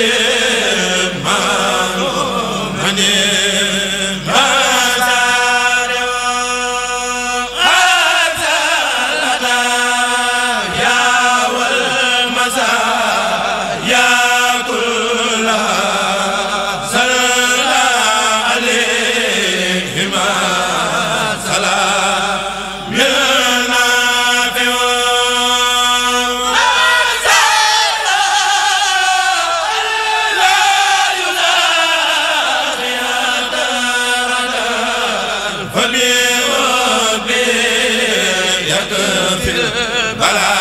de في البلاء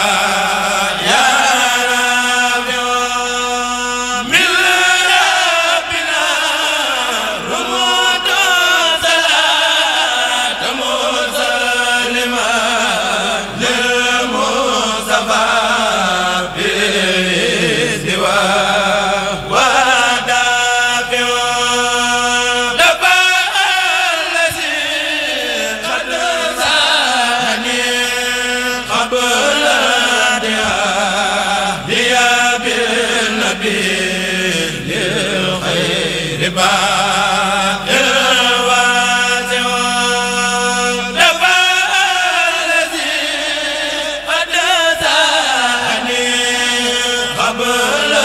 للخير باق الواسع نفى الذي قد ساني قبل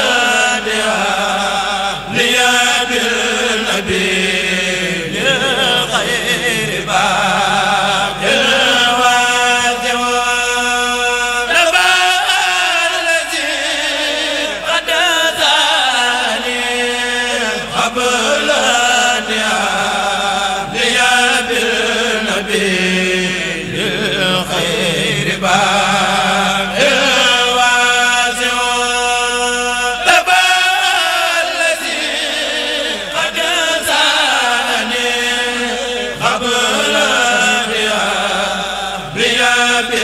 bi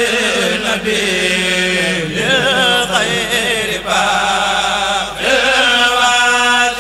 nabi